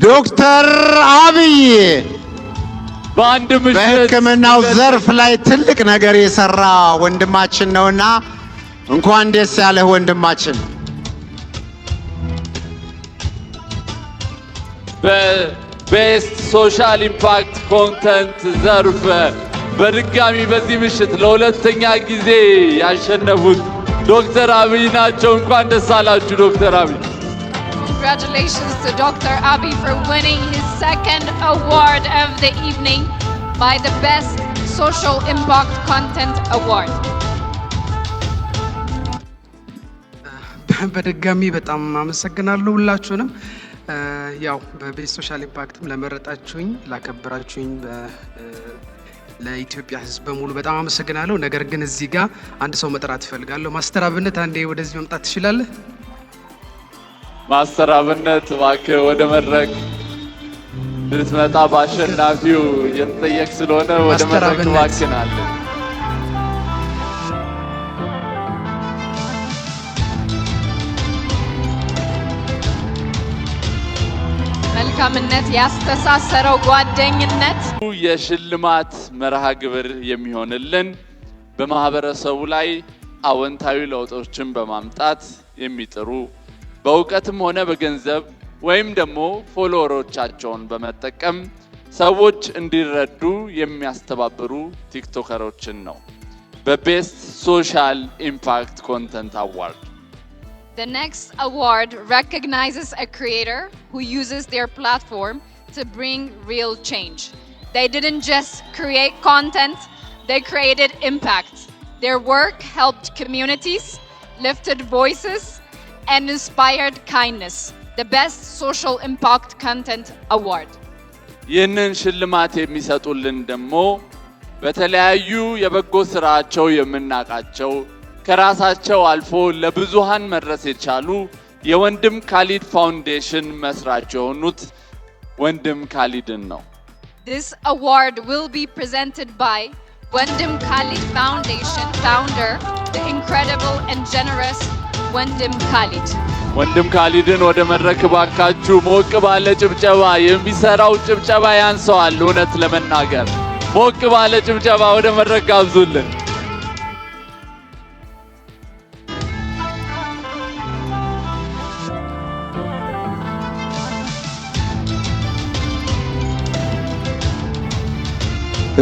ዶክተር አብይ በአንድ ምሽት በሕክምናው ዘርፍ ላይ ትልቅ ነገር የሰራ ወንድማችን ነውና እንኳን ደስ ያለህ ወንድማችን። በቤስት ሶሻል ኢምፓክት ኮንተንት ዘርፍ በድጋሚ በዚህ ምሽት ለሁለተኛ ጊዜ ያሸነፉት ዶክተር አብይ ናቸው። እንኳን ደስ አላችሁ ዶክተር አብይ። Congratulations to Dr. Abi for winning his second award of the evening by the Best Social Impact Content Award. በድጋሚ በጣም አመሰግናለሁ ሁላችሁንም። ያው በቤት ሶሻል ኢምፓክትም ለመረጣችሁኝ፣ ላከበራችሁኝ ለኢትዮጵያ ሕዝብ በሙሉ በጣም አመሰግናለሁ። ነገር ግን እዚህ ጋር አንድ ሰው መጥራት እፈልጋለሁ። ማስተር አብነት አንዴ ወደዚህ መምጣት ትችላለህ? ማስተር አብነት እባክህ ወደ መድረክ ልትመጣ በአሸናፊው የተጠየቅ ስለሆነ ወደ መድረክ እባክህን አለ። መልካምነት ያስተሳሰረው ጓደኝነት የሽልማት መርሃ ግብር የሚሆንልን በማህበረሰቡ ላይ አወንታዊ ለውጦችን በማምጣት የሚጥሩ በእውቀትም ሆነ በገንዘብ ወይም ደግሞ ፎሎወሮቻቸውን በመጠቀም ሰዎች እንዲረዱ የሚያስተባብሩ ቲክቶከሮችን ነው። በቤስት ሶሻል ኢምፓክት ኮንተንት አዋርድ The next award recognizes a creator who uses their platform to bring real change. They didn't just create content, they created impact. Their work helped communities, lifted voices, and Inspired Kindness, the Best Social Impact Content Award. ይህንን ሽልማት የሚሰጡልን ደግሞ በተለያዩ የበጎ ስራቸው የምናውቃቸው ከራሳቸው አልፎ ለብዙሃን መድረስ የቻሉ የወንድም ካሊድ ፋውንዴሽን መስራች የሆኑት ወንድም ካሊድን ነው። This award will be presented by Wendim Khalid Foundation founder, the incredible and generous ወንድም ካሊድ ወንድም ካሊድን ወደ መድረክ ባካችሁ ሞቅ ባለ ጭብጨባ። የሚሰራው ጭብጨባ ያንሰዋል። እውነት ለመናገር ሞቅ ባለ ጭብጨባ ወደ መድረክ ጋብዙልን።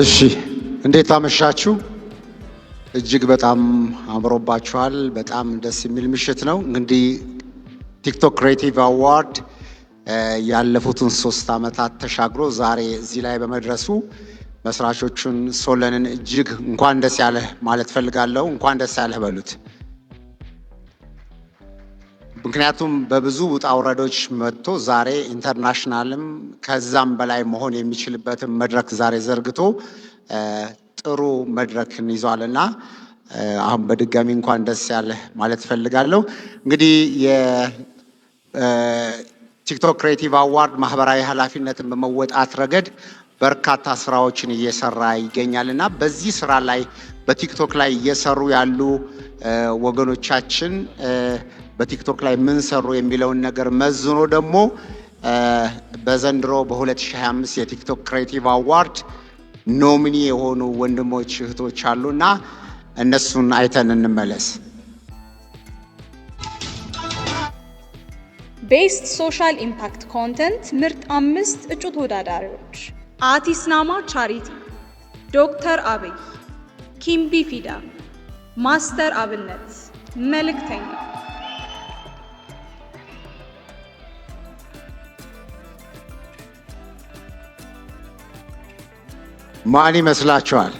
እሺ እንዴት አመሻችሁ? እጅግ በጣም አምሮባችኋል። በጣም ደስ የሚል ምሽት ነው። እንግዲህ ቲክቶክ ክሬቲቭ አዋርድ ያለፉትን ሶስት ዓመታት ተሻግሮ ዛሬ እዚህ ላይ በመድረሱ መስራቾቹን ሶለንን እጅግ እንኳን ደስ ያለህ ማለት ፈልጋለሁ። እንኳን ደስ ያለህ በሉት። ምክንያቱም በብዙ ውጣ ውረዶች መጥቶ ዛሬ ኢንተርናሽናልም ከዛም በላይ መሆን የሚችልበትን መድረክ ዛሬ ዘርግቶ ጥሩ መድረክን ይዟል እና አሁን በድጋሚ እንኳን ደስ ያለህ ማለት እፈልጋለሁ። እንግዲህ የቲክቶክ ክሬቲቭ አዋርድ ማህበራዊ ኃላፊነትን በመወጣት ረገድ በርካታ ስራዎችን እየሰራ ይገኛል እና በዚህ ስራ ላይ በቲክቶክ ላይ እየሰሩ ያሉ ወገኖቻችን በቲክቶክ ላይ ምን ሰሩ የሚለውን ነገር መዝኖ ደግሞ በዘንድሮ በ2025 የቲክቶክ ክሬቲቭ አዋርድ ኖሚኒ የሆኑ ወንድሞች እህቶች አሉና እነሱን አይተን እንመለስ። ቤስት ሶሻል ኢምፓክት ኮንተንት ምርጥ አምስት እጩ ተወዳዳሪዎች አቲስናማ ቻሪቲ፣ ዶክተር አብይ፣ ኪምቢ ፊዳ፣ ማስተር አብነት፣ መልእክተኛ ማን ይመስላችኋል?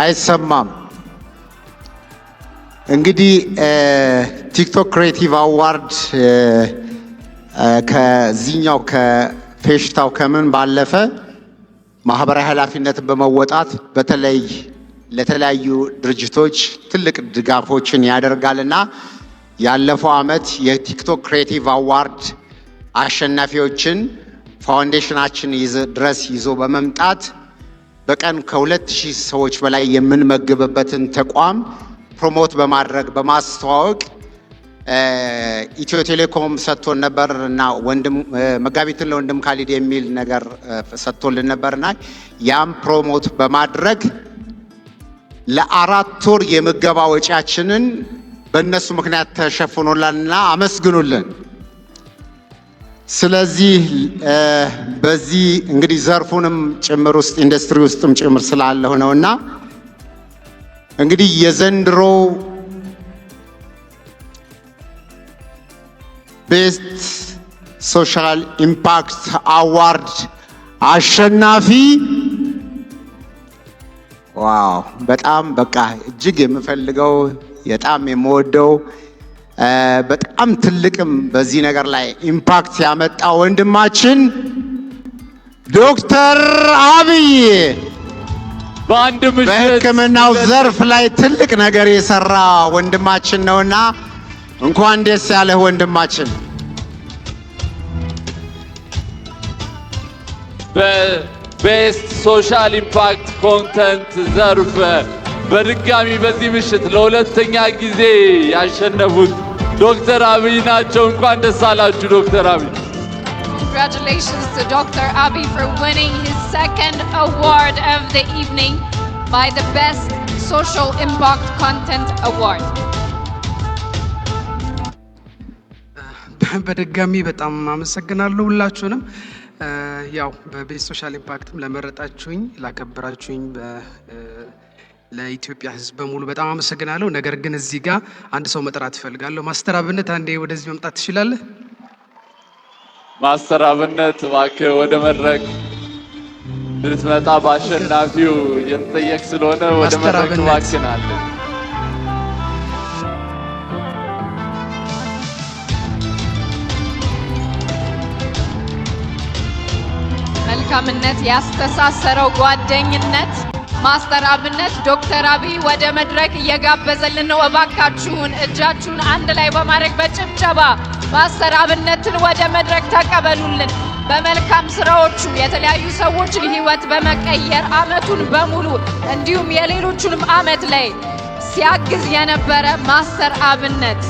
አይሰማም። እንግዲህ ቲክቶክ ክሬቲቭ አዋርድ ከዚህኛው ከፌሽታው ከምን ባለፈ ማህበራዊ ኃላፊነትን በመወጣት በተለይ ለተለያዩ ድርጅቶች ትልቅ ድጋፎችን ያደርጋልና ያለፈው ዓመት የቲክቶክ ክሬቲቭ አዋርድ አሸናፊዎችን ፋውንዴሽናችን ድረስ ይዞ በመምጣት በቀን ከሁለት 2000 ሰዎች በላይ የምንመግብበትን ተቋም ፕሮሞት በማድረግ በማስተዋወቅ ኢትዮ ቴሌኮም ሰጥቶን ነበር እና ወንድም መጋቢትን ለወንድም ካሊድ የሚል ነገር ሰጥቶልን ነበርና ያም ፕሮሞት በማድረግ ለአራት ወር የምገባ ወጪያችንን በእነሱ ምክንያት ተሸፍኖላልና አመስግኑልን። ስለዚህ በዚህ እንግዲህ ዘርፉንም ጭምር ውስጥ ኢንዱስትሪ ውስጥም ጭምር ስላለሁ ነውና እንግዲህ የዘንድሮ ቤስት ሶሻል ኢምፓክት አዋርድ አሸናፊ ዋው በጣም በቃ እጅግ የምፈልገው በጣም የምወደው በጣም ትልቅም በዚህ ነገር ላይ ኢምፓክት ያመጣ ወንድማችን ዶክተር አብይ በሕክምናው ዘርፍ ላይ ትልቅ ነገር የሰራ ወንድማችን ነውና እንኳን ደስ ያለህ ወንድማችን። በቤስት ሶሻል ኢምፓክት ኮንተንት ዘርፍ በድጋሚ በዚህ ምሽት ለሁለተኛ ጊዜ ያሸነፉት ዶክተር አብይ ናቸው። እንኳን ደስ አላችሁ ዶክተር አብይ። Congratulations to Dr. Abiy for winning his second award of the evening by the Best Social Impact Content Award. በድጋሚ በጣም አመሰግናለሁ ሁላችሁንም። ያው በቤስት ሶሻል ኢምፓክትም ለመረጣችሁኝ፣ ላከበራችሁኝ ለኢትዮጵያ ሕዝብ በሙሉ በጣም አመሰግናለሁ። ነገር ግን እዚህ ጋር አንድ ሰው መጥራት እፈልጋለሁ። ማስተር አብነት አንዴ ወደዚህ መምጣት ትችላለህ? ማስተር አብነት እባክህ ወደ መድረክ ልትመጣ በአሸናፊው የተጠየቅ ስለሆነ ወደ መድረክ እባክናለሁ። መልካምነት ያስተሳሰረው ጓደኝነት ማስተር አብነት ዶክተር አብይ ወደ መድረክ እየጋበዘልን ነው። እባካችሁን እጃችሁን አንድ ላይ በማድረግ በጭብጨባ ማስተር አብነትን ወደ መድረክ ተቀበሉልን። በመልካም ስራዎቹ የተለያዩ ሰዎችን ህይወት በመቀየር አመቱን በሙሉ እንዲሁም የሌሎቹንም አመት ላይ ሲያግዝ የነበረ ማስተር አብነት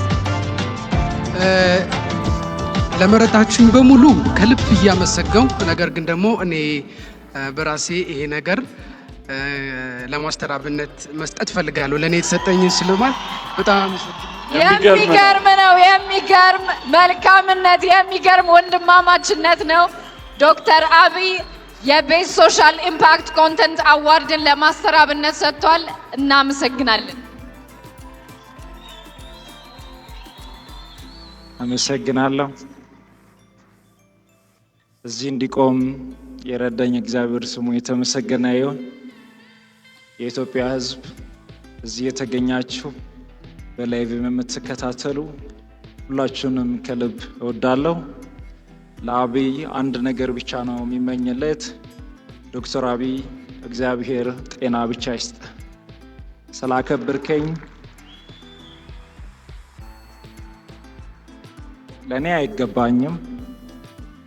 ለመረጣችን በሙሉ ከልብ እያመሰገንኩ ነገር ግን ደግሞ እኔ በራሴ ይሄ ነገር ለማስተር አብነት መስጠት ፈልጋለሁ። ለእኔ የተሰጠኝ ሽልማት በጣም የሚገርም ነው። የሚገርም መልካምነት፣ የሚገርም ወንድማማችነት ነው። ዶክተር አብይ የቤስት ሶሻል ኢምፓክት ኮንተንት አዋርድን ለማስተር አብነት ሰጥቷል። እናመሰግናለን። አመሰግናለሁ። እዚህ እንዲቆም የረዳኝ እግዚአብሔር ስሙ የተመሰገነ ይሁን። የኢትዮጵያ ሕዝብ እዚህ የተገኛችሁ በላይቭ የምትከታተሉ ሁላችሁንም ከልብ እወዳለሁ። ለአብይ አንድ ነገር ብቻ ነው የሚመኝለት። ዶክተር አብይ እግዚአብሔር ጤና ብቻ ይስጥ። ስላከብርከኝ ለእኔ አይገባኝም።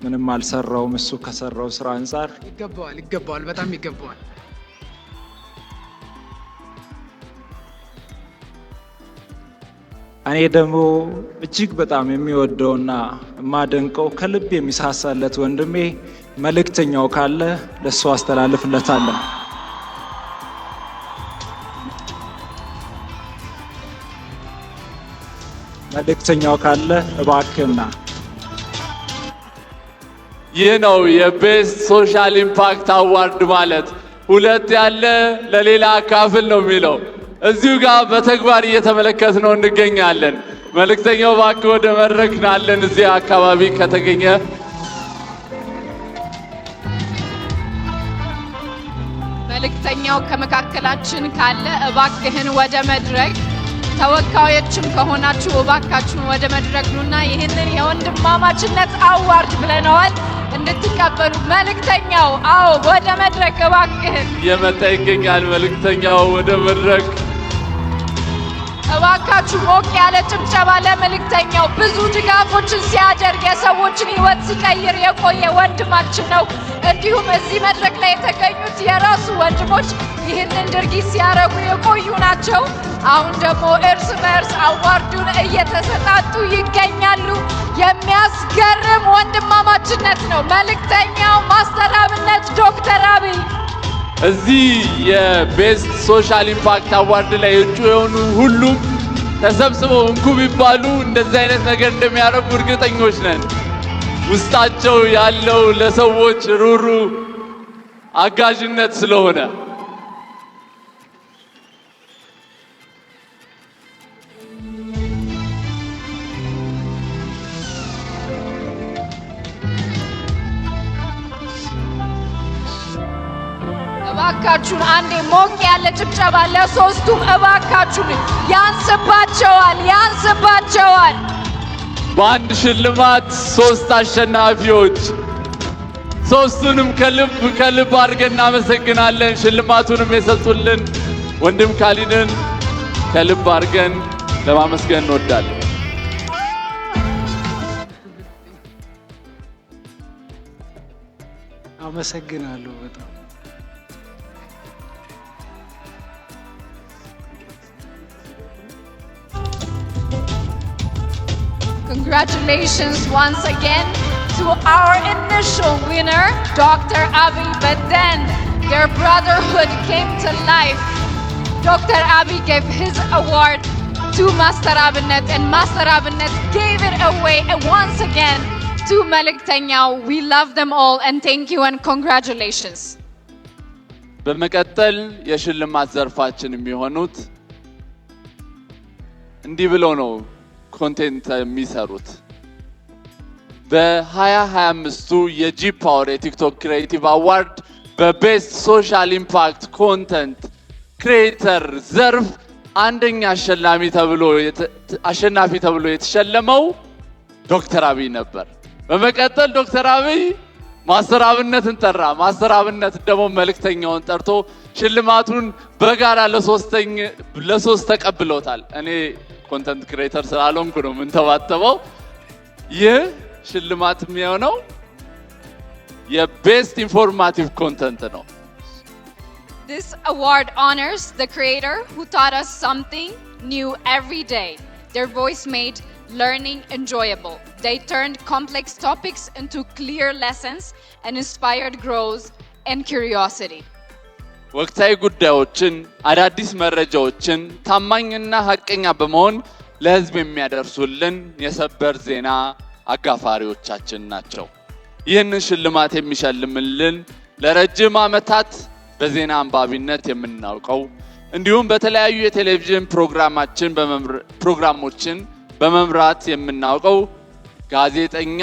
ምንም አልሰራውም። እሱ ከሰራው ስራ አንጻር ይገባዋል፣ ይገባዋል፣ በጣም ይገባዋል። እኔ ደግሞ እጅግ በጣም የሚወደውና የማደንቀው ከልብ የሚሳሳለት ወንድሜ መልእክተኛው ካለ ለእሱ አስተላልፍለታለን። መልእክተኛው ካለ እባክና ይህ ነው የቤስት ሶሻል ኢምፓክት አዋርድ ማለት። ሁለት ያለ ለሌላ አካፍል ነው የሚለው። እዚሁ ጋር በተግባር እየተመለከት ነው እንገኛለን። መልእክተኛው እባክህ ወደ መድረክ ናለን እዚህ አካባቢ ከተገኘ መልእክተኛው ከመካከላችን ካለ እባክህን ወደ መድረክ ተወካዮችም ከሆናችሁ እባካችሁን ወደ መድረክ ኑና ይህንን የወንድማማችነት አዋርድ ብለነዋል እንድትቀበሉ። መልእክተኛው አዎ፣ ወደ መድረክ እባክህን የመጣ ይገኛል። መልእክተኛው ወደ መድረክ እባካችሁ ሞቅ ያለ ጭብጨባ ለመልእክተኛው። ብዙ ድጋፎችን ሲያደርግ የሰዎችን ህይወት ሲቀይር የቆየ ወንድማችን ነው። እንዲሁም እዚህ መድረክ ላይ የተገኙት የራሱ ወንድሞች ይህንን ድርጊት ሲያደርጉ የቆዩ ናቸው። አሁን ደግሞ እርስ በእርስ አዋርዱን እየተሰጣጡ ይገኛሉ። የሚያስገርም ወንድማማችነት ነው። መልእክተኛው ማስተር አብነት ዶክተር አብይ እዚህ የቤስት ሶሻል ኢምፓክት አዋርድ ላይ እጩ የሆኑ ሁሉም ተሰብስበው እንኩ ቢባሉ እንደዚህ አይነት ነገር እንደሚያደርጉ እርግጠኞች ነን። ውስጣቸው ያለው ለሰዎች ሩሩ አጋዥነት ስለሆነ እባካችሁን አንዴ ሞቅ ያለ ጭብጨባ ለሶስቱም እባካችሁን። ያንስባቸዋል፣ ያንስባቸዋል። በአንድ ሽልማት ሶስት አሸናፊዎች ሶስቱንም ከልብ ከልብ አድርገን እናመሰግናለን። ሽልማቱንም የሰጡልን ወንድም ካሊንን ከልብ አድርገን ለማመስገን እንወዳለን። አመሰግናለሁ በጣም Congratulations once again to our initial winner, Dr. Abby Baden. Their brotherhood came to life. Dr. Abby gave his award to Master Abinet, and Master Abinet gave it away and once again to Malik Tanyao. We love them all, and thank you and congratulations. በመቀጠል የሽልማት ዘርፋችን የሚሆኑት እንዲህ ብሎ ነው ኮንቴንት የሚሰሩት። በ2025ቱ የጂ ፓወር የቲክቶክ ክሬቲቭ አዋርድ በቤስት ሶሻል ኢምፓክት ኮንተንት ክሬተር ዘርፍ አንደኛ አሸላሚ ተብሎ አሸናፊ ተብሎ የተሸለመው ዶክተር አብይ ነበር። በመቀጠል ዶክተር አብይ ማስተር አብነትን ጠራ። ማስተር አብነት ደግሞ መልእክተኛውን ጠርቶ ሽልማቱን በጋራ ለሶስት ተቀብለውታል። እኔ ኮንተንት ክሬተር ስላልሆንኩ ነው የምንተባተበው። ይህ ሽልማት የሚሆነው የቤስት ኢንፎርማቲቭ ኮንተንት ነው። This award honors the creator who taught us something new every day. Their voice made learning enjoyable. They turned complex topics into clear lessons and inspired growth and curiosity. ወቅታዊ ጉዳዮችን፣ አዳዲስ መረጃዎችን ታማኝና ሀቀኛ በመሆን ለህዝብ የሚያደርሱልን የሰበር ዜና አጋፋሪዎቻችን ናቸው። ይህንን ሽልማት የሚሸልምልን ለረጅም ዓመታት በዜና አንባቢነት የምናውቀው እንዲሁም በተለያዩ የቴሌቪዥን ፕሮግራሞችን በመምራት የምናውቀው ጋዜጠኛ